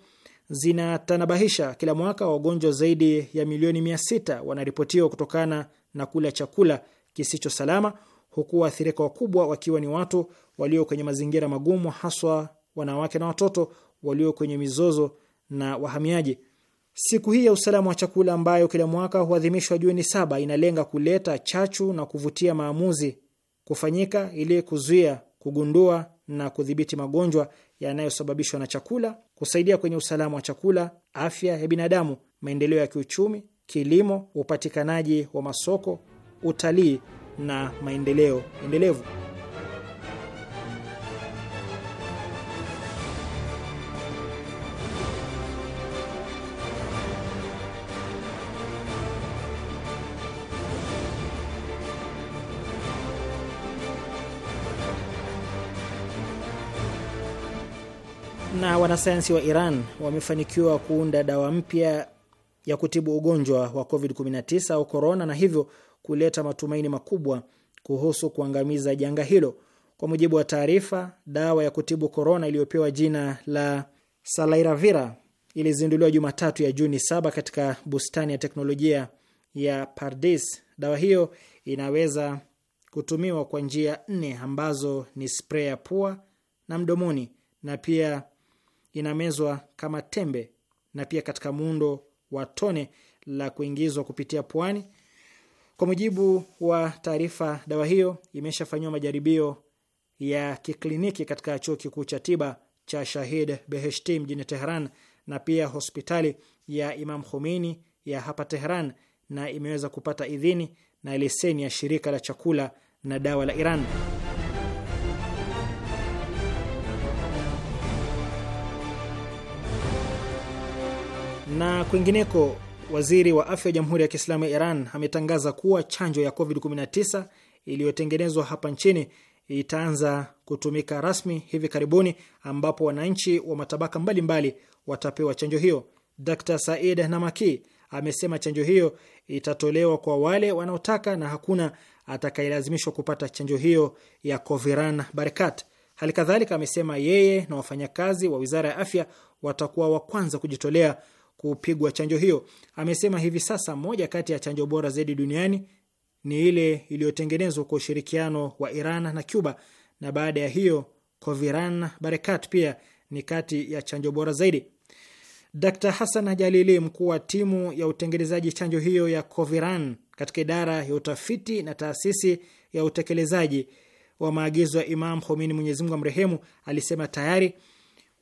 zinatanabahisha kila mwaka wagonjwa zaidi ya milioni mia sita wanaripotiwa kutokana na kula chakula kisicho salama, huku waathirika wakubwa wakiwa ni watu walio kwenye mazingira magumu, haswa wanawake na watoto walio kwenye mizozo na wahamiaji. Siku hii ya usalama wa chakula ambayo kila mwaka huadhimishwa Juni saba inalenga kuleta chachu na kuvutia maamuzi kufanyika ili kuzuia, kugundua na kudhibiti magonjwa yanayosababishwa na chakula, kusaidia kwenye usalama wa chakula, afya ya binadamu, maendeleo ya kiuchumi, kilimo, upatikanaji wa masoko, utalii na maendeleo endelevu. Wanasayansi wa Iran wamefanikiwa kuunda dawa mpya ya kutibu ugonjwa wa COVID-19 au korona, na hivyo kuleta matumaini makubwa kuhusu kuangamiza janga hilo. Kwa mujibu wa taarifa, dawa ya kutibu korona iliyopewa jina la Salairavira ilizinduliwa Jumatatu ya Juni saba katika bustani ya teknolojia ya Pardis. Dawa hiyo inaweza kutumiwa kwa njia nne ambazo ni spray ya pua na mdomoni na pia inamezwa kama tembe na pia katika muundo wa tone la kuingizwa kupitia puani. Kwa mujibu wa taarifa, dawa hiyo imeshafanyiwa majaribio ya kikliniki katika chuo kikuu cha tiba cha Shahid Beheshti mjini Tehran na pia hospitali ya Imam Khomeini ya hapa Tehran na imeweza kupata idhini na leseni ya shirika la chakula na dawa la Iran. Na kwingineko, waziri wa afya wa Jamhuri ya Kiislamu ya Iran ametangaza kuwa chanjo ya COVID-19 iliyotengenezwa hapa nchini itaanza kutumika rasmi hivi karibuni, ambapo wananchi wa matabaka mbalimbali mbali watapewa chanjo hiyo. Dr Said Namaki amesema chanjo hiyo itatolewa kwa wale wanaotaka na hakuna atakayelazimishwa kupata chanjo hiyo ya Coviran Barakat. Hali kadhalika amesema yeye na wafanyakazi wa wizara ya afya watakuwa wa kwanza kujitolea kupigwa chanjo hiyo. Amesema hivi sasa moja kati ya chanjo bora zaidi duniani ni ile iliyotengenezwa kwa ushirikiano wa Iran na Cuba, na baada ya hiyo Coviran Barekat pia ni kati ya chanjo bora zaidi. Dr Hassan Jalili, mkuu wa timu ya utengenezaji chanjo hiyo ya Coviran katika idara ya utafiti na taasisi ya utekelezaji wa maagizo ya Imam Khomeini, Mwenyezi Mungu amrehemu, alisema tayari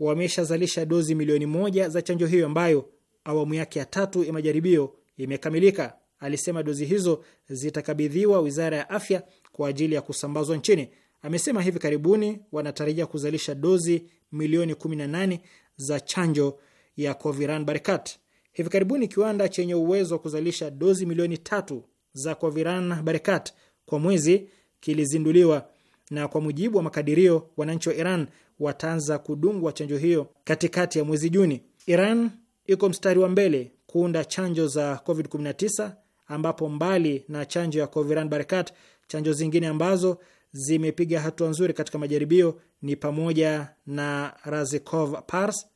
wameshazalisha dozi milioni moja za chanjo hiyo ambayo awamu yake ya tatu ya majaribio imekamilika. Alisema dozi hizo zitakabidhiwa wizara ya afya kwa ajili ya kusambazwa nchini. Amesema hivi karibuni wanatarajia kuzalisha dozi milioni 18 za chanjo ya Coviran Barakat. Hivi karibuni kiwanda chenye uwezo wa kuzalisha dozi milioni tatu za Coviran Barakat kwa mwezi kilizinduliwa, na kwa mujibu wa makadirio, wananchi wa Iran wataanza kudungwa chanjo hiyo katikati ya mwezi Juni. Iran iko mstari wa mbele kuunda chanjo za COVID-19 ambapo mbali na chanjo ya Coviran Barakat, chanjo zingine ambazo zimepiga hatua nzuri katika majaribio ni pamoja na Razikov Pars,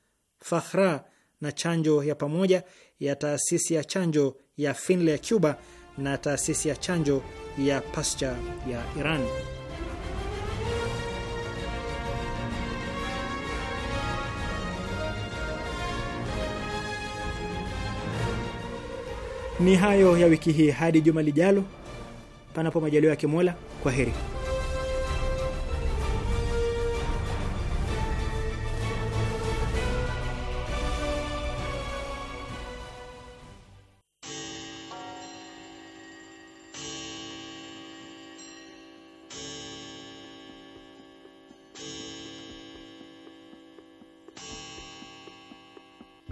Fakhra na chanjo ya pamoja ya taasisi ya chanjo ya Finlay ya Cuba na taasisi ya chanjo ya Pasteur ya Iran. Ni hayo ya wiki hii, hadi juma lijalo, panapo majaliwa ya Kimola. Kwa heri.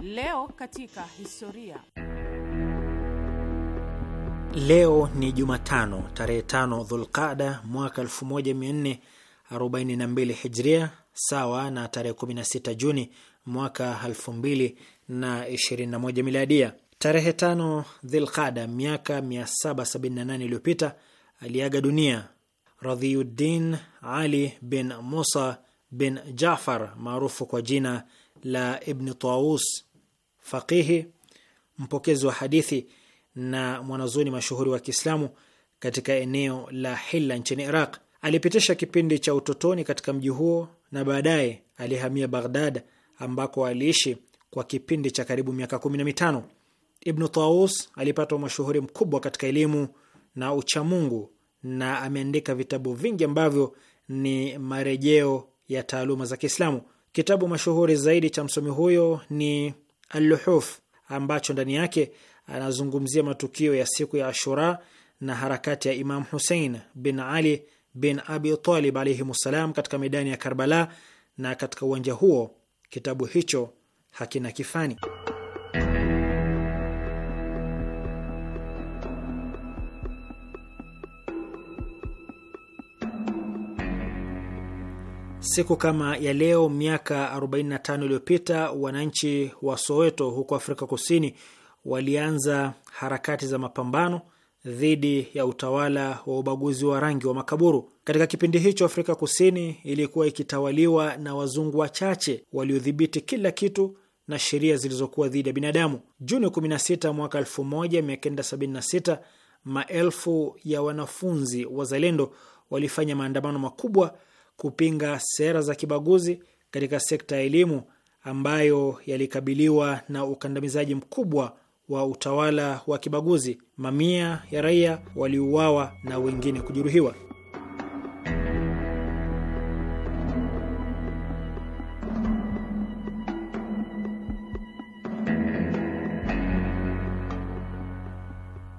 Leo katika historia Leo ni Jumatano tarehe tano Dhulqada mwaka 1442 Hijria, sawa na tarehe 16 Juni mwaka 2021 Miladia. Tarehe tano Dhilqada, miaka 778 iliyopita aliaga dunia Radhiuddin Ali bin Musa bin Jafar maarufu kwa jina la Ibni Taus, faqihi, mpokezi wa hadithi na mwanazuoni mashuhuri wa Kiislamu katika eneo la Hilla nchini Iraq. Alipitisha kipindi cha utotoni katika mji huo na baadaye alihamia Baghdad ambako aliishi kwa kipindi cha karibu miaka mitano. Ibnu Taus alipata mashuhuri mkubwa katika elimu na uchamungu na ameandika vitabu vingi ambavyo ni marejeo ya taaluma za Kiislamu. Kitabu mashuhuri zaidi cha msomi huyo ni Alluhuf ambacho ndani yake anazungumzia matukio ya siku ya Ashura na harakati ya Imam Husein bin Ali bin Abi Talib alaihimussalam katika medani ya Karbala, na katika uwanja huo kitabu hicho hakina kifani. Siku kama ya leo miaka 45 iliyopita wananchi wa Soweto huko Afrika Kusini walianza harakati za mapambano dhidi ya utawala wa ubaguzi wa rangi wa makaburu. Katika kipindi hicho, Afrika Kusini ilikuwa ikitawaliwa na wazungu wachache waliodhibiti kila kitu na sheria zilizokuwa dhidi ya binadamu. Juni 16 mwaka 1976, maelfu ya wanafunzi wazalendo walifanya maandamano makubwa kupinga sera za kibaguzi katika sekta ya elimu ambayo yalikabiliwa na ukandamizaji mkubwa wa utawala wa kibaguzi, mamia ya raia waliuawa na wengine kujeruhiwa.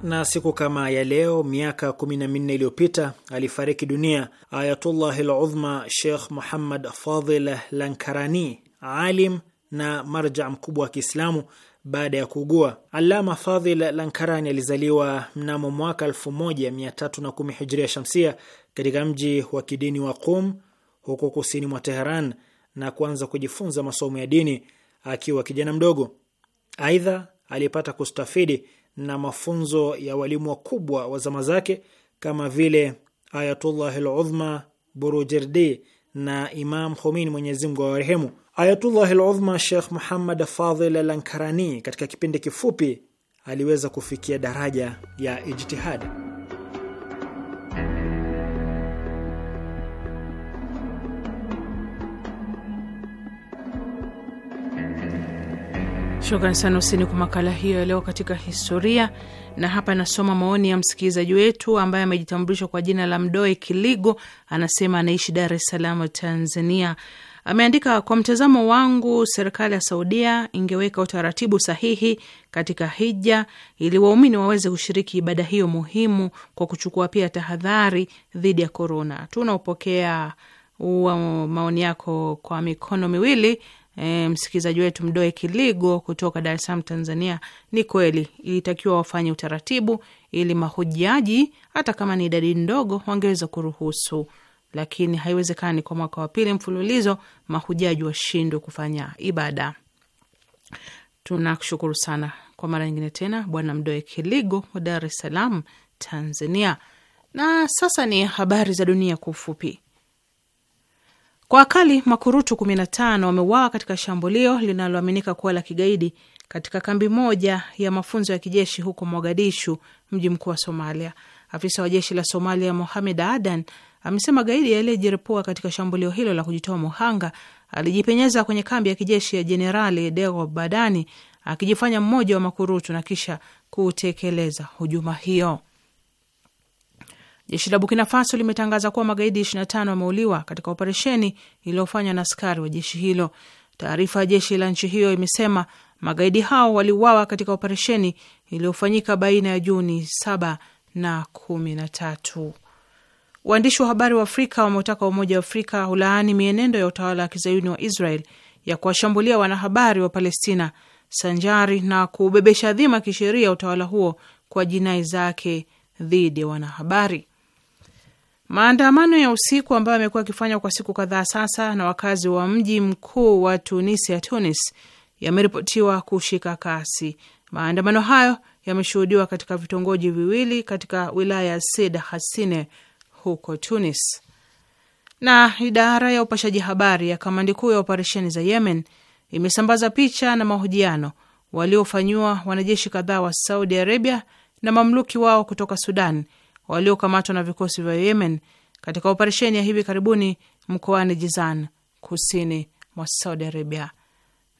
na siku kama ya leo miaka kumi na minne iliyopita alifariki dunia Ayatullah al Udhma Sheikh Muhammad Fadhil Lankarani, alim na marja mkubwa wa Kiislamu baada ya kuugua. alama Fadhil Lankarani alizaliwa mnamo mwaka 1310 hijria shamsia katika mji wa kidini wa Qum huko kusini mwa Teheran na kuanza kujifunza masomo ya dini akiwa kijana mdogo. Aidha, alipata kustafidi na mafunzo ya walimu wakubwa wa zama zake kama vile Ayatullah Al Udhma Burujerdi na Imam Khomeini, Mwenyezi Mungu awarehemu. Ayatullah al-Udhma Sheikh Muhammad Fadhil al-Ankarani katika kipindi kifupi aliweza kufikia daraja ya ijtihad. Shukrani sana Usini kwa makala hiyo ya leo katika historia na hapa nasoma maoni ya msikilizaji wetu ambaye amejitambulisha kwa jina la Mdoe Kiligo, anasema anaishi Dar es Salaam, Tanzania. Ameandika, kwa mtazamo wangu, serikali ya Saudia ingeweka utaratibu sahihi katika hija ili waumini waweze kushiriki ibada hiyo muhimu, kwa kuchukua pia tahadhari dhidi ya korona. Tunaopokea maoni yako kwa mikono miwili e, msikilizaji wetu Mdoe Kiligo kutoka Dar es Salaam, Tanzania, ni kweli ilitakiwa wafanye utaratibu ili mahujaji hata kama ni idadi ndogo wangeweza kuruhusu, lakini haiwezekani kwa mwaka wa pili mfululizo mahujaji washindwe kufanya ibada. Tunakushukuru sana kwa mara nyingine tena, Bwana Mdoe Kiligo wa Dar es Salaam, Tanzania. Na sasa ni habari za dunia kwa ufupi. Kwa akali makurutu 15 wameuawa katika shambulio linaloaminika kuwa la kigaidi katika kambi moja ya mafunzo ya kijeshi huko Mogadishu, mji mkuu wa Somalia. Afisa wa jeshi la Somalia Mohamed Adan amesema gaidi aliyejiripua katika shambulio hilo la kujitoa muhanga alijipenyeza kwenye kambi ya kijeshi ya Jenerali Dego Badani akijifanya mmoja wa makurutu na kisha kutekeleza hujuma hiyo. Jeshi la Burkina Faso limetangaza kuwa magaidi 25 wameuliwa katika operesheni iliyofanywa na askari wa jeshi hilo. Taarifa ya jeshi la nchi hiyo imesema magaidi hao waliuawa katika operesheni iliyofanyika baina ya Juni 7 na 13. Waandishi wa habari wa Afrika wameutaka Umoja wa Afrika ulaani mienendo ya utawala wa kizayuni wa Israel ya kuwashambulia wanahabari wa Palestina sanjari na kuubebesha dhima kisheria utawala huo kwa jinai zake dhidi ya wanahabari. Maandamano ya usiku ambayo yamekuwa yakifanywa kwa siku kadhaa sasa na wakazi wa mji mkuu wa Tunisia, Tunis, yameripotiwa kushika kasi. Maandamano hayo yameshuhudiwa katika vitongoji viwili katika wilaya ya Sid Hasine huko Tunis. Na idara ya upashaji habari ya kamandi kuu ya operesheni za Yemen imesambaza picha na mahojiano waliofanyiwa wanajeshi kadhaa wa Saudi Arabia na mamluki wao kutoka Sudan waliokamatwa na vikosi vya Yemen katika operesheni ya hivi karibuni mkoani Jizan, kusini mwa Saudi Arabia.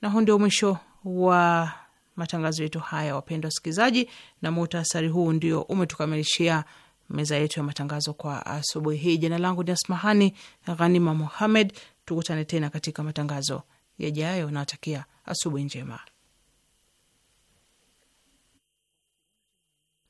Na huu ndio mwisho wa matangazo yetu haya, wapendwa wasikilizaji, na muhtasari huu ndio umetukamilishia meza yetu ya matangazo kwa asubuhi hii. Jina langu ni Asmahani Ghanima Muhammed. Tukutane tena katika matangazo yajayo. Nawatakia asubuhi njema.